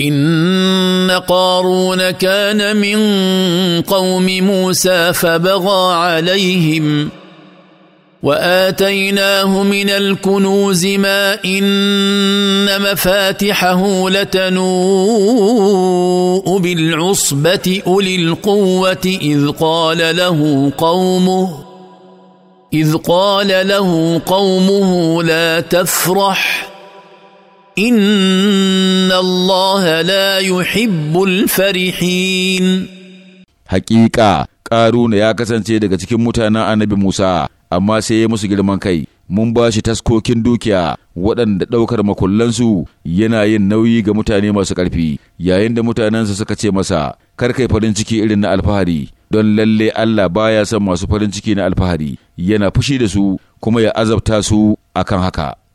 ان قارون كان من قوم موسى فبغى عليهم واتيناه من الكنوز ما ان مفاتحه لتنوء بالعصبه اولي القوه اذ قال له قومه اذ قال له قومه لا تفرح إن الله لا يحب الفرحين حقيقة قارون يا kasance daga cikin mutanen annabi Musa amma sai ya musu girman kai mun ba shi taskokin dukiya waɗanda ɗaukar makullansu yana yin nauyi ga mutane masu ƙarfi yayin da mutanensa suka ce masa kar kai farin ciki irin na alfahari don lalle Allah baya son masu farin ciki na alfahari yana fushi da su kuma ya azabta su akan haka